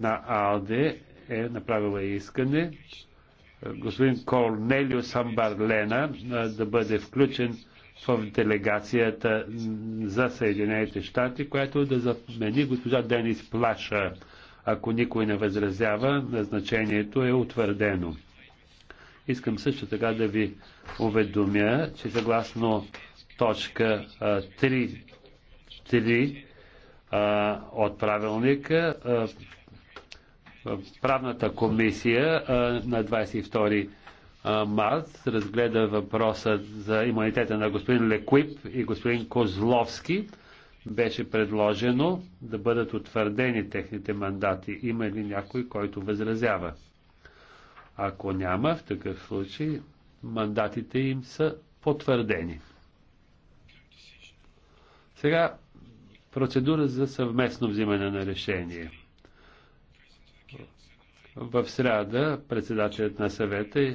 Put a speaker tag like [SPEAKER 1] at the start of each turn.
[SPEAKER 1] на АЛДЕ е направила искане господин Корнелио Самбарлена да бъде включен в делегацията за Съединените щати, която да замени госпожа Денис Плаша. Ако никой не възразява, назначението е утвърдено. Искам също така да ви уведомя, че съгласно точка 3, 3 от правилника правната комисия на 22 март разгледа въпроса за имунитета на господин Лекуип и господин Козловски. Беше предложено да бъдат утвърдени техните мандати. Има ли някой, който възразява? Ако няма, в такъв случай мандатите им са потвърдени. Сега процедура за съвместно взимане на решение. В среда председателят на съвета и